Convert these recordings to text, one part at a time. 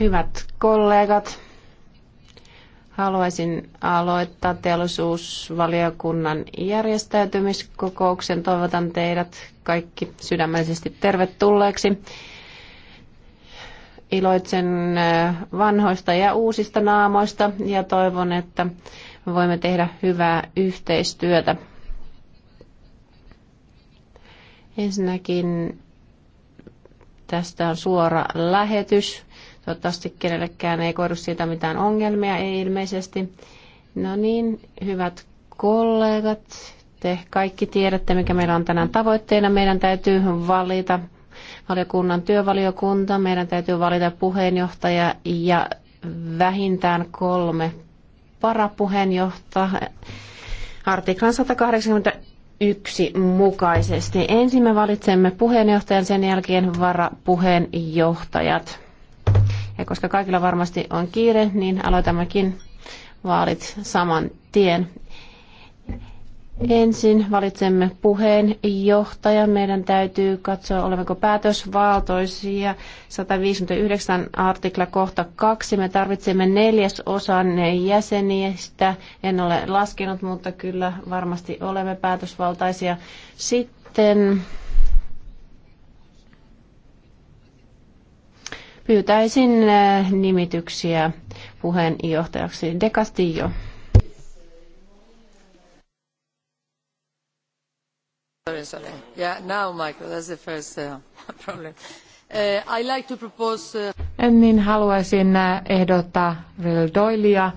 Hyvät kollegat, haluaisin aloittaa teollisuusvaliokunnan järjestäytymiskokouksen. Toivotan teidät kaikki sydämellisesti tervetulleeksi. Iloitsen vanhoista ja uusista naamoista ja toivon, että voimme tehdä hyvää yhteistyötä Ensinnäkin tästä on suora lähetys. Toivottavasti kenellekään ei koidu siitä mitään ongelmia, ei ilmeisesti. No niin, hyvät kollegat, te kaikki tiedätte, mikä meillä on tänään tavoitteena. Meidän täytyy valita valiokunnan työvaliokunta, meidän täytyy valita puheenjohtaja ja vähintään kolme parapuheenjohtajaa. Artiklan 180 yksi mukaisesti. Ensin me valitsemme puheenjohtajan, sen jälkeen varapuheenjohtajat. Ja koska kaikilla varmasti on kiire, niin aloitammekin vaalit saman tien. Ensin valitsemme puheenjohtajan. Meidän täytyy katsoa, olemmeko päätösvaltoisia. 159 artikla kohta 2. Me tarvitsemme neljäsosan jäsenistä. En ole laskenut, mutta kyllä varmasti olemme päätösvaltaisia. Sitten pyytäisin äh, nimityksiä puheenjohtajaksi. De Castillo. Ennen uh, uh, uh, Niin haluaisin ehdottaa Will Doylea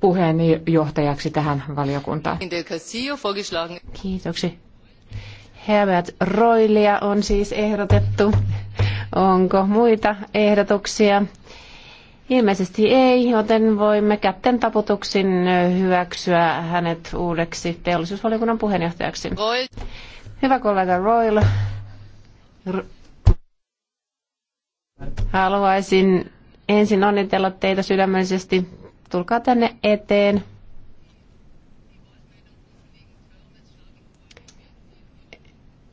puheenjohtajaksi tähän valiokuntaan. Kiitoksi. Herbert Roilia on siis ehdotettu. Onko muita ehdotuksia? Ilmeisesti ei, joten voimme kätten taputuksin hyväksyä hänet uudeksi teollisuusvaliokunnan puheenjohtajaksi. Hyvä kollega Royal, haluaisin ensin onnitella teitä sydämellisesti. Tulkaa tänne eteen.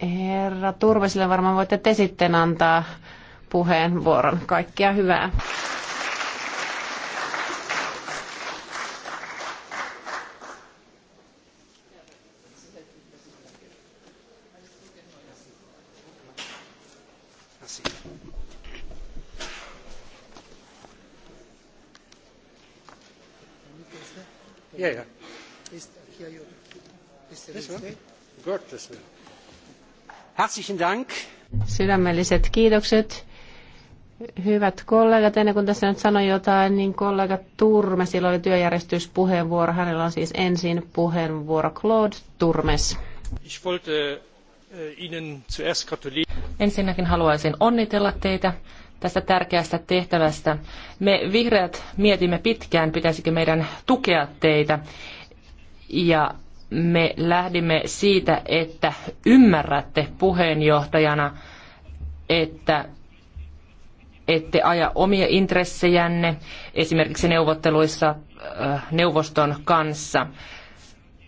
Herra Turvasille varmaan voitte te sitten antaa puheenvuoron. kaikkia hyvää. Herzlichen Dank. Sydämelliset kiitokset. Hyvät kollegat, ennen kuin tässä nyt sanoin jotain, niin kollega Turme, sillä oli työjärjestyspuheenvuoro. Hänellä on siis ensin puheenvuoro Claude Turmes. Ich wollte äh, Ihnen zuerst Ensinnäkin haluaisin onnitella teitä tästä tärkeästä tehtävästä. Me vihreät mietimme pitkään, pitäisikö meidän tukea teitä. Ja me lähdimme siitä, että ymmärrätte puheenjohtajana, että ette aja omia intressejänne esimerkiksi neuvotteluissa äh, neuvoston kanssa.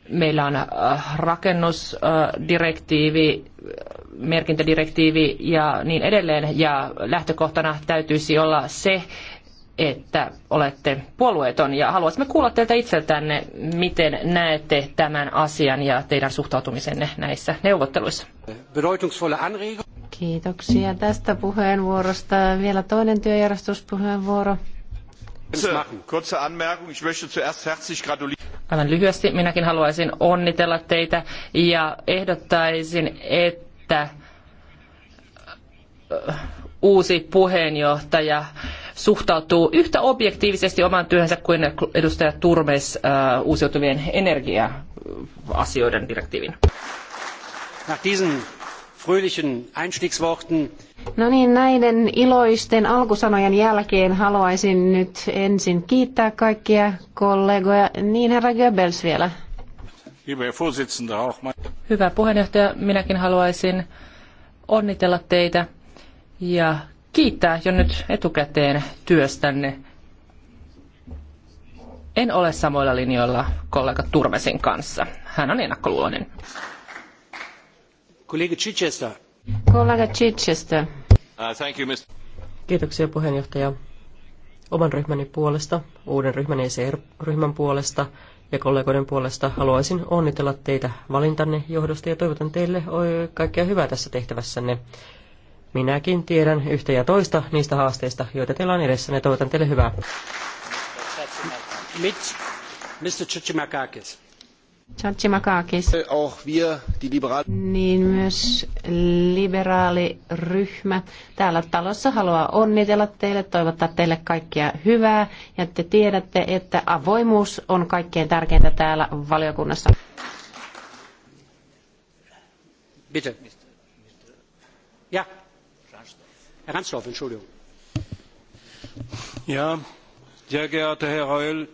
Meillä on äh, rakennusdirektiivi, äh, merkintädirektiivi ja niin edelleen, ja lähtökohtana täytyisi olla se, että olette puolueeton ja haluaisimme kuulla teiltä itseltänne, miten näette tämän asian ja teidän suhtautumisenne näissä neuvotteluissa. Kiitoksia tästä puheenvuorosta. Vielä toinen työjärjestyspuheenvuoro. Aivan lyhyesti minäkin haluaisin onnitella teitä ja ehdottaisin, että uusi puheenjohtaja suhtautuu yhtä objektiivisesti omaan työhönsä kuin edustaja Turmes uh, uusiutuvien energia-asioiden direktiivin. No niin, näiden iloisten alkusanojen jälkeen haluaisin nyt ensin kiittää kaikkia kollegoja. Niin, herra Goebbels vielä. Hyvä puheenjohtaja, minäkin haluaisin onnitella teitä ja kiittää jo nyt etukäteen työstänne. En ole samoilla linjoilla kollega Turmesin kanssa. Hän on ennakkoluuloinen. Kollega Chichester. Kollega Chichester. Uh, thank you, Mr. Kiitoksia puheenjohtaja. Oman ryhmäni puolesta, uuden ryhmän ECR-ryhmän puolesta ja kollegoiden puolesta haluaisin onnitella teitä valintanne johdosta ja toivotan teille kaikkea hyvää tässä tehtävässänne. Minäkin tiedän yhtä ja toista niistä haasteista, joita teillä on edessä. Ne toivotan teille hyvää. Mr. Chachimakakis. Niin myös liberaaliryhmä täällä talossa haluaa onnitella teille, toivottaa teille kaikkia hyvää ja te tiedätte, että avoimuus on kaikkein tärkeintä täällä valiokunnassa. Bitte. Ja, Herr Ransdorf, Entschuldigung. Ja, sehr geehrter Herr Reul.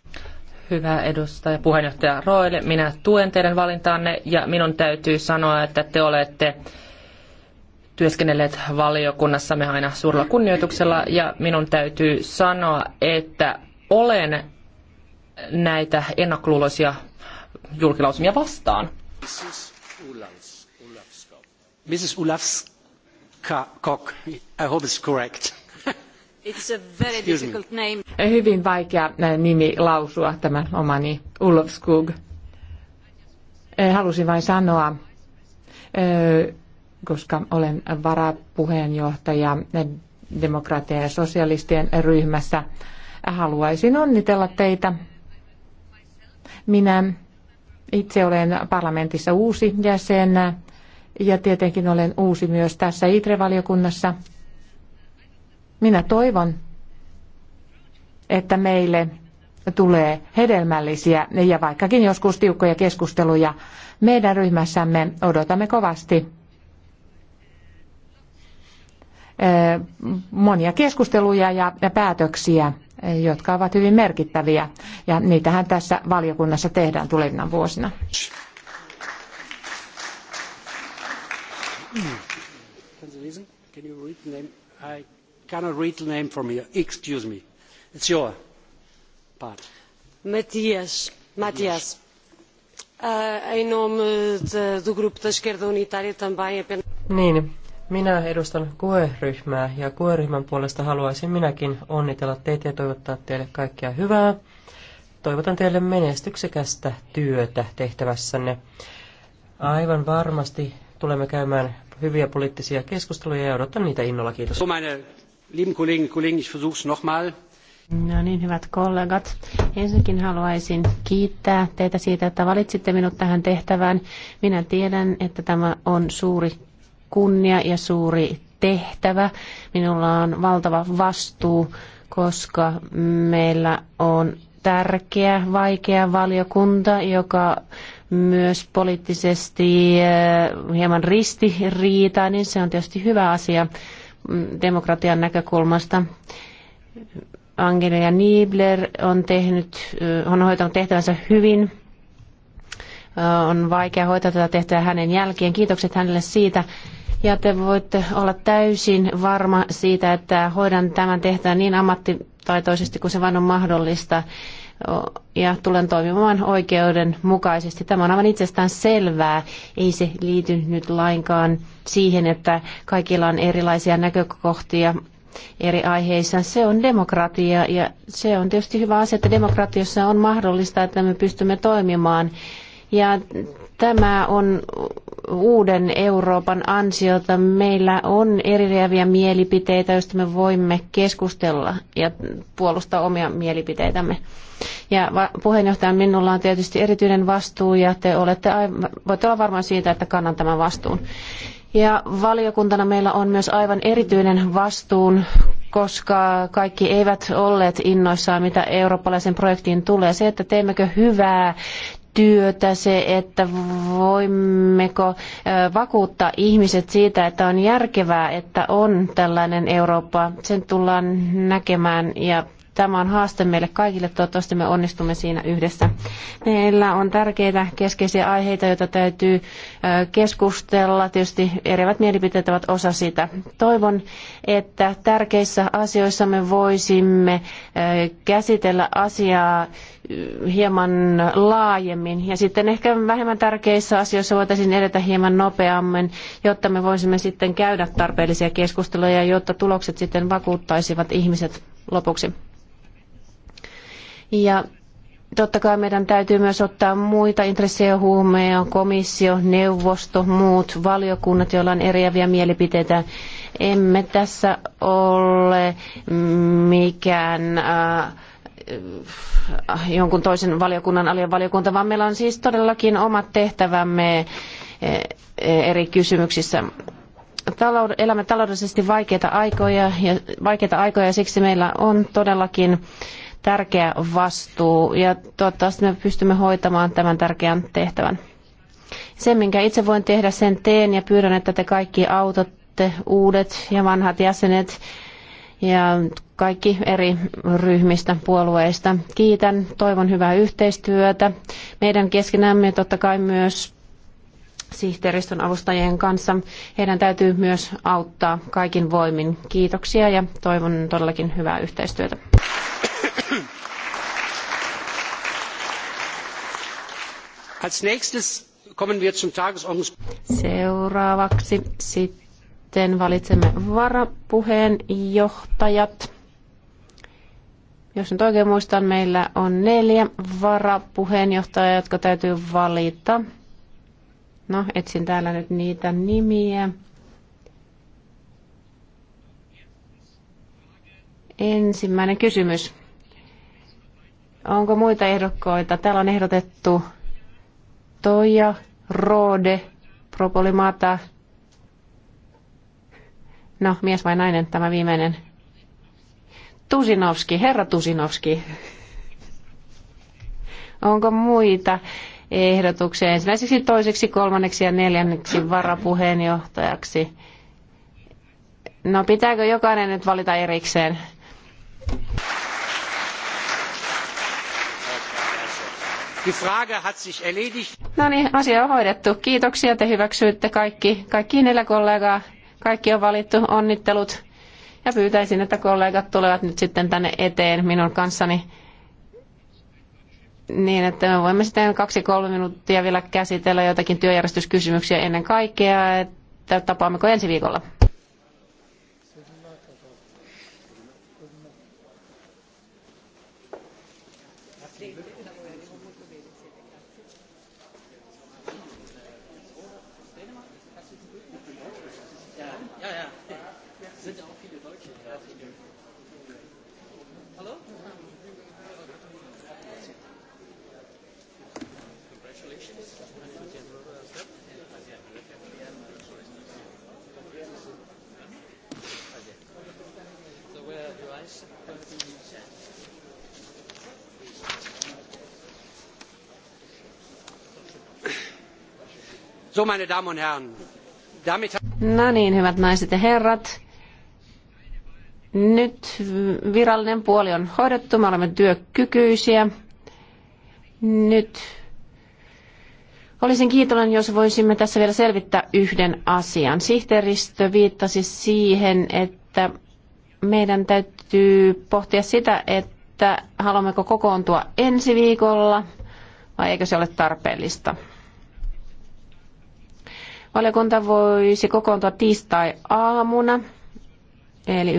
Hyvä edustaja, puheenjohtaja Roil, minä tuen teidän valintaanne ja minun täytyy sanoa, että te olette työskennelleet valiokunnassamme aina suurella kunnioituksella ja minun täytyy sanoa, että olen näitä ennakkoluuloisia julkilausumia vastaan. Mrs. Ulavskov. Mrs. Ulavskov. Hyvin vaikea eh, nimi lausua tämä omani Ulf eh, Halusin vain sanoa, eh, koska olen varapuheenjohtaja demokraattien ja sosialistien ryhmässä, haluaisin onnitella teitä. Minä itse olen parlamentissa uusi jäsen ja tietenkin olen uusi myös tässä ITRE-valiokunnassa. Minä toivon, että meille tulee hedelmällisiä ja vaikkakin joskus tiukkoja keskusteluja. Meidän ryhmässämme odotamme kovasti eh, monia keskusteluja ja päätöksiä, jotka ovat hyvin merkittäviä, ja niitähän tässä valiokunnassa tehdään tulevina vuosina. Can you listen? Can you read the name? I cannot read the name from here. Excuse me. It's your part. Matias. Matias. Uh, em nome de, do grupo da esquerda unitária também apenas... Niin, minä edustan QE-ryhmää ja QE-ryhmän puolesta haluaisin minäkin onnitella teitä ja toivottaa teille kaikkea hyvää. Toivotan teille menestyksekästä työtä tehtävässänne. Aivan varmasti Tulemme käymään hyviä poliittisia keskusteluja ja odotan niitä innolla. Kiitos. No niin, hyvät kollegat. Ensinnäkin haluaisin kiittää teitä siitä, että valitsitte minut tähän tehtävään. Minä tiedän, että tämä on suuri kunnia ja suuri tehtävä. Minulla on valtava vastuu, koska meillä on tärkeä, vaikea valiokunta, joka myös poliittisesti eh, hieman ristiriitaa, niin se on tietysti hyvä asia mm, demokratian näkökulmasta. Angelia Niebler on, tehnyt, eh, on hoitanut tehtävänsä hyvin. Eh, on vaikea hoitaa tätä tehtävää hänen jälkeen. Kiitokset hänelle siitä. Ja te voitte olla täysin varma siitä, että hoidan tämän tehtävän niin ammattitaitoisesti kuin se vain on mahdollista ja tulen toimimaan oikeudenmukaisesti. Tämä on aivan itsestään selvää. Ei se liity nyt lainkaan siihen, että kaikilla on erilaisia näkökohtia eri aiheissa. Se on demokratia ja se on tietysti hyvä asia, että demokratiassa on mahdollista, että me pystymme toimimaan. Ja Tämä on uuden Euroopan ansiota. Meillä on eriäviä mielipiteitä, joista me voimme keskustella ja puolustaa omia mielipiteitämme. Ja puheenjohtaja, minulla on tietysti erityinen vastuu ja te olette voitte olla varmaan siitä, että kannan tämän vastuun. Ja valiokuntana meillä on myös aivan erityinen vastuun, koska kaikki eivät olleet innoissaan, mitä eurooppalaisen projektiin tulee. Se, että teemmekö hyvää työtä, se, että voimmeko vakuuttaa ihmiset siitä, että on järkevää, että on tällainen Eurooppa. Sen tullaan näkemään ja Tämä on haaste meille kaikille, toivottavasti me onnistumme siinä yhdessä. Meillä on tärkeitä keskeisiä aiheita, joita täytyy keskustella. Tietysti eriävät mielipiteet ovat osa sitä. Toivon, että tärkeissä asioissa me voisimme käsitellä asiaa hieman laajemmin. Ja sitten ehkä vähemmän tärkeissä asioissa voitaisiin edetä hieman nopeammin, jotta me voisimme sitten käydä tarpeellisia keskusteluja, jotta tulokset sitten vakuuttaisivat ihmiset lopuksi. Ja totta kai meidän täytyy myös ottaa muita intressejä huumeen, komissio, neuvosto, muut valiokunnat, joilla on eriäviä mielipiteitä. Emme tässä ole mikään äh, jonkun toisen valiokunnan valiokunta, vaan meillä on siis todellakin omat tehtävämme äh, eri kysymyksissä. Talou- elämme taloudellisesti vaikeita aikoja ja, vaikeita aikoja siksi meillä on todellakin äh, tärkeä vastuu ja toivottavasti me pystymme hoitamaan tämän tärkeän tehtävän. Se, minkä itse voin tehdä, sen teen ja pyydän, että te kaikki autatte, uudet ja vanhat jäsenet ja kaikki eri ryhmistä, puolueista. Kiitän, toivon hyvää yhteistyötä meidän keskenämme totta kai myös sihteeristön avustajien kanssa. Heidän täytyy myös auttaa kaikin voimin. Kiitoksia ja toivon todellakin hyvää yhteistyötä. Als nächstes kommen wir zum Tagesordnungspunkt. Seuraavaksi sitten valitsemme varapuheenjohtajat. Jos nyt oikein muistan, meillä on neljä varapuheenjohtajaa, jotka täytyy valita. No, etsin täällä nyt niitä nimiä. Ensimmäinen kysymys. Onko muita ehdokkoita? Täällä on ehdotettu Toija, Rode, Propolimata. No, mies vai nainen tämä viimeinen? Tusinovski, herra Tusinovski. Onko muita ehdotuksia ensimmäiseksi, toiseksi, kolmanneksi ja neljänneksi varapuheenjohtajaksi? No pitääkö jokainen nyt valita erikseen? No niin, asia on hoidettu. Kiitoksia, te hyväksyitte kaikki, kaikki neljä kollegaa. Kaikki on valittu, onnittelut. Ja pyytäisin, että kollegat tulevat nyt sitten tänne eteen minun kanssani niin, että me voimme sitten kaksi-kolme minuuttia vielä käsitellä jotakin työjärjestyskysymyksiä ennen kaikkea, että tapaammeko ensi viikolla. No niin, hyvät naiset ja herrat. Nyt virallinen puoli on hoidettu, me olemme työkykyisiä. Nyt Olisin kiitollinen, jos voisimme tässä vielä selvittää yhden asian. Sihteeristö viittasi siihen, että meidän täytyy pohtia sitä, että haluammeko kokoontua ensi viikolla vai eikö se ole tarpeellista. Valiokunta voisi kokoontua tiistai-aamuna, eli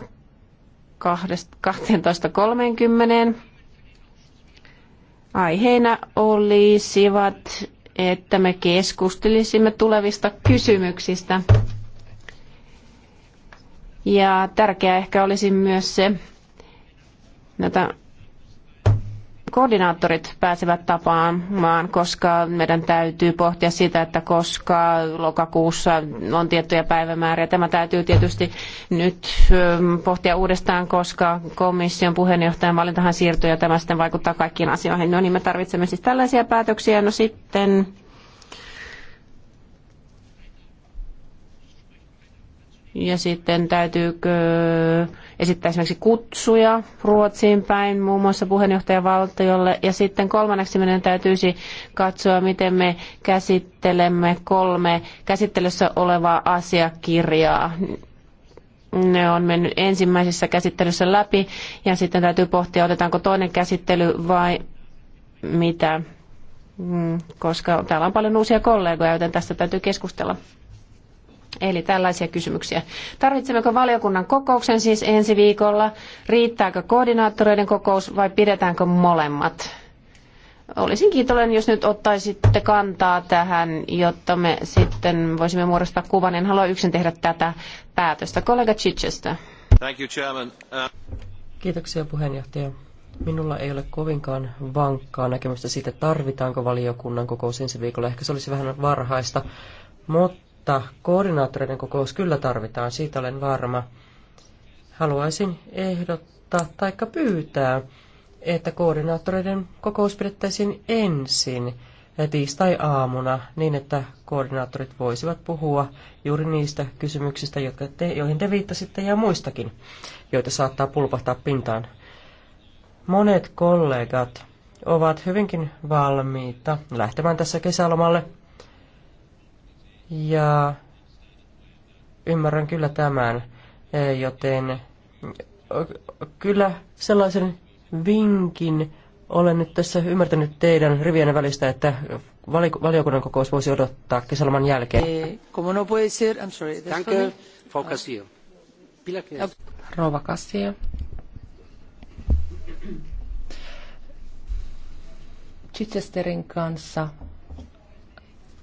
9.12.30. Aiheena olisivat, että me keskustelisimme tulevista kysymyksistä. Ja tärkeää ehkä olisi myös se, että koordinaattorit pääsevät tapaamaan, koska meidän täytyy pohtia sitä, että koska lokakuussa on tiettyjä päivämääriä. Tämä täytyy tietysti nyt ähm, pohtia uudestaan, koska komission puheenjohtajan valintahan siirtyy ja tämä sitten vaikuttaa kaikkiin asioihin. No niin, me tarvitsemme siis tällaisia päätöksiä. No sitten Ja sitten täytyykö esittää esimerkiksi kutsuja Ruotsiin päin, muun muassa valtiolle. Ja sitten kolmanneksi meidän täytyisi katsoa, miten me käsittelemme kolme käsittelyssä olevaa asiakirjaa. Ne on mennyt ensimmäisessä käsittelyssä läpi ja sitten täytyy pohtia, otetaanko toinen käsittely vai mitä. Mm, koska täällä on paljon uusia kollegoja, joten tästä täytyy keskustella. Eli tällaisia kysymyksiä. Tarvitsemmeko valiokunnan kokouksen siis ensi viikolla? Riittääkö koordinaattoreiden kokous vai pidetäänkö molemmat? Olisin kiitollinen, jos nyt ottaisitte kantaa tähän, jotta me sitten voisimme muodostaa kuvan. En halua yksin tehdä tätä päätöstä. Kollega Chichester. Thank you, Chairman. Uh- Kiitoksia puheenjohtaja. Minulla ei ole kovinkaan vankkaa näkemystä siitä, tarvitaanko valiokunnan kokous ensi viikolla. Ehkä se olisi vähän varhaista, mutta mutta koordinaattoreiden kokous kyllä tarvitaan, siitä olen varma. Haluaisin ehdottaa tai pyytää, että koordinaattoreiden kokous pidettäisiin ensin tiistai-aamuna niin, että koordinaattorit voisivat puhua juuri niistä kysymyksistä, jotka te, joihin te viittasitte ja muistakin, joita saattaa pulpahtaa pintaan. Monet kollegat ovat hyvinkin valmiita lähtemään tässä kesälomalle – ja ymmärrän kyllä tämän, eh, joten eh, kyllä sellaisen vinkin olen nyt tässä ymmärtänyt teidän rivien välistä, että valiokunnan kokous voisi odottaa kesäloman jälkeen. Eh, como no I'm sorry. Rouva Castillo. Chichesterin kanssa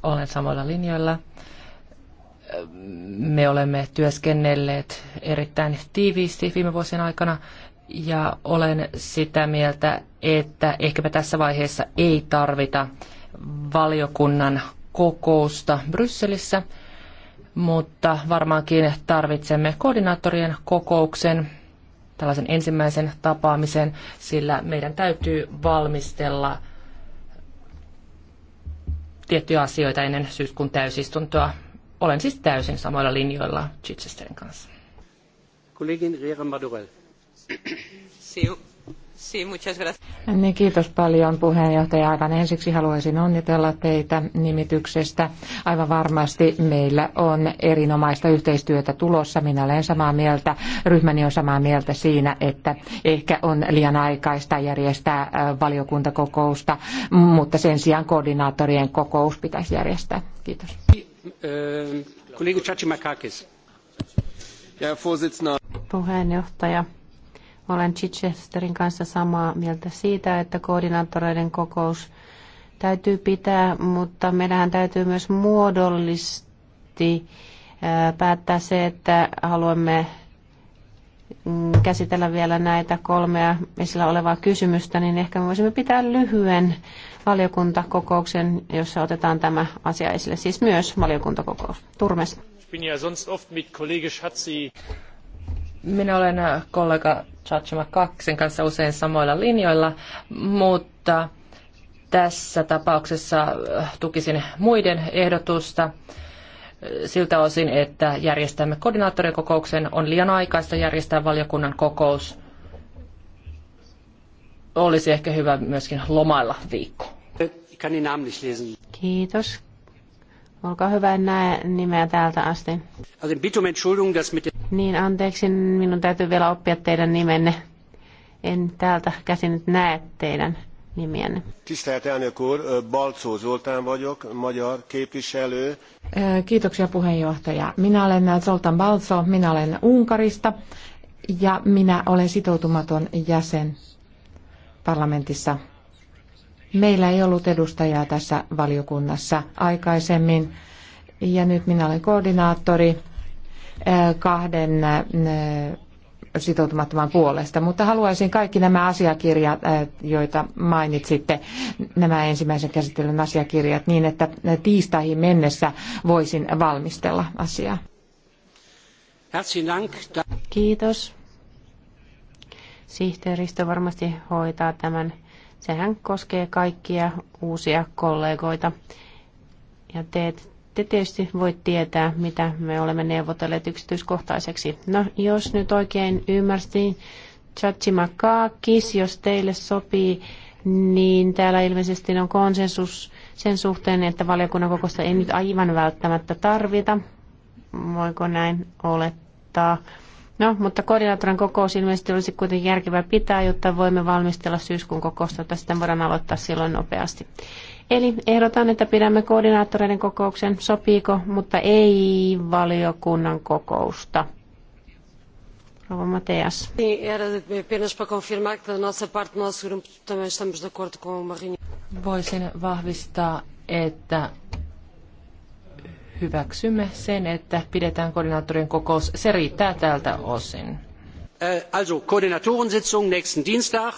olen samoilla linjoilla. Me olemme työskennelleet erittäin tiiviisti viime vuosien aikana ja olen sitä mieltä, että ehkäpä tässä vaiheessa ei tarvita valiokunnan kokousta Brysselissä, mutta varmaankin tarvitsemme koordinaattorien kokouksen, tällaisen ensimmäisen tapaamisen, sillä meidän täytyy valmistella – tiettyjä asioita ennen syyskuun täysistuntoa. Olen siis täysin samoilla linjoilla Chichesterin kanssa. Kollegin Riera Madurell. Niin, kiitos paljon puheenjohtaja. Aivan ensiksi haluaisin onnitella teitä nimityksestä. Aivan varmasti meillä on erinomaista yhteistyötä tulossa. Minä olen samaa mieltä, ryhmäni on samaa mieltä siinä, että ehkä on liian aikaista järjestää valiokuntakokousta, mutta sen sijaan koordinaattorien kokous pitäisi järjestää. Kiitos. Puheenjohtaja, olen Chichesterin kanssa samaa mieltä siitä, että koordinaattoreiden kokous täytyy pitää, mutta meidän täytyy myös muodollisesti päättää se, että haluamme mm, käsitellä vielä näitä kolmea esillä olevaa kysymystä, niin ehkä me voisimme pitää lyhyen valiokuntakokouksen, jossa otetaan tämä asia esille, siis myös valiokuntakokous. Turmes. Minä olen kollega Chachima 2 kanssa usein samoilla linjoilla, mutta tässä tapauksessa äh, tukisin muiden ehdotusta siltä osin, että järjestämme koordinaattorikokouksen. On liian aikaista järjestää valiokunnan kokous. Olisi ehkä hyvä myöskin lomailla viikko. Kiitos. Olkaa hyvä, en näe nimeä täältä asti. Um niin, anteeksi, minun täytyy vielä oppia teidän nimenne. En täältä käsin nyt näe teidän nimienne. Tisztelt elnök úr, Balcó Zoltán vagyok, magyar képviselő. Kiitoksia puheenjohtaja. Minä olen Zoltán Balco, minä olen Unkarista ja minä olen sitoutumaton jäsen parlamentissa Meillä ei ollut edustajaa tässä valiokunnassa aikaisemmin ja nyt minä olen koordinaattori kahden sitoutumattoman puolesta, mutta haluaisin kaikki nämä asiakirjat, joita mainitsitte, nämä ensimmäisen käsittelyn asiakirjat, niin että tiistaihin mennessä voisin valmistella asiaa. Kiitos. Sihteeristö varmasti hoitaa tämän Sehän koskee kaikkia uusia kollegoita. Ja teet te tietysti voi tietää, mitä me olemme neuvotelleet yksityiskohtaiseksi. No, jos nyt oikein ymmärsin, Chachimakakis, jos teille sopii, niin täällä ilmeisesti on konsensus sen suhteen, että valiokunnan kokosta ei nyt aivan välttämättä tarvita. Voiko näin olettaa? No, mutta koordinaattorin kokous ilmeisesti olisi kuitenkin järkevää pitää, jotta voimme valmistella syyskuun kokousta, jotta sitten voidaan aloittaa silloin nopeasti. Eli ehdotan, että pidämme koordinaattoreiden kokouksen, sopiiko, mutta ei valiokunnan kokousta. Rouva Mateas. Voisin vahvistaa, että hyväksymme sen, että pidetään koordinaattorien kokous. Se riittää tältä osin. Äh,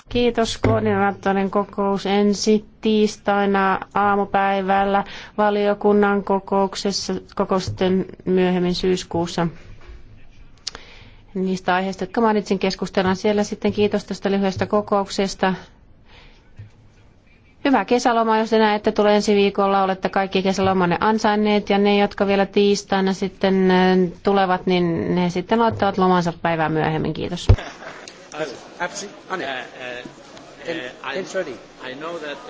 kiitos koordinaattorin kokous ensi tiistaina aamupäivällä valiokunnan kokouksessa, kokousten myöhemmin syyskuussa niistä aiheista, jotka mainitsin keskustellaan siellä. Sitten kiitos tästä lyhyestä kokouksesta. Hyvää kesälomaa, jos te näette, tulee ensi viikolla. Olette kaikki kesälomanne ansainneet ja ne, jotka vielä tiistaina sitten äh, tulevat, niin ne sitten ottavat lomansa päivää myöhemmin. Kiitos.